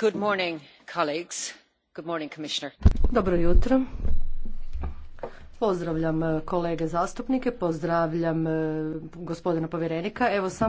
Good Dobro jutro. Pozdravljam eh, kolege zastupnike, pozdravljam eh, gospodina povjerenika. Evo samo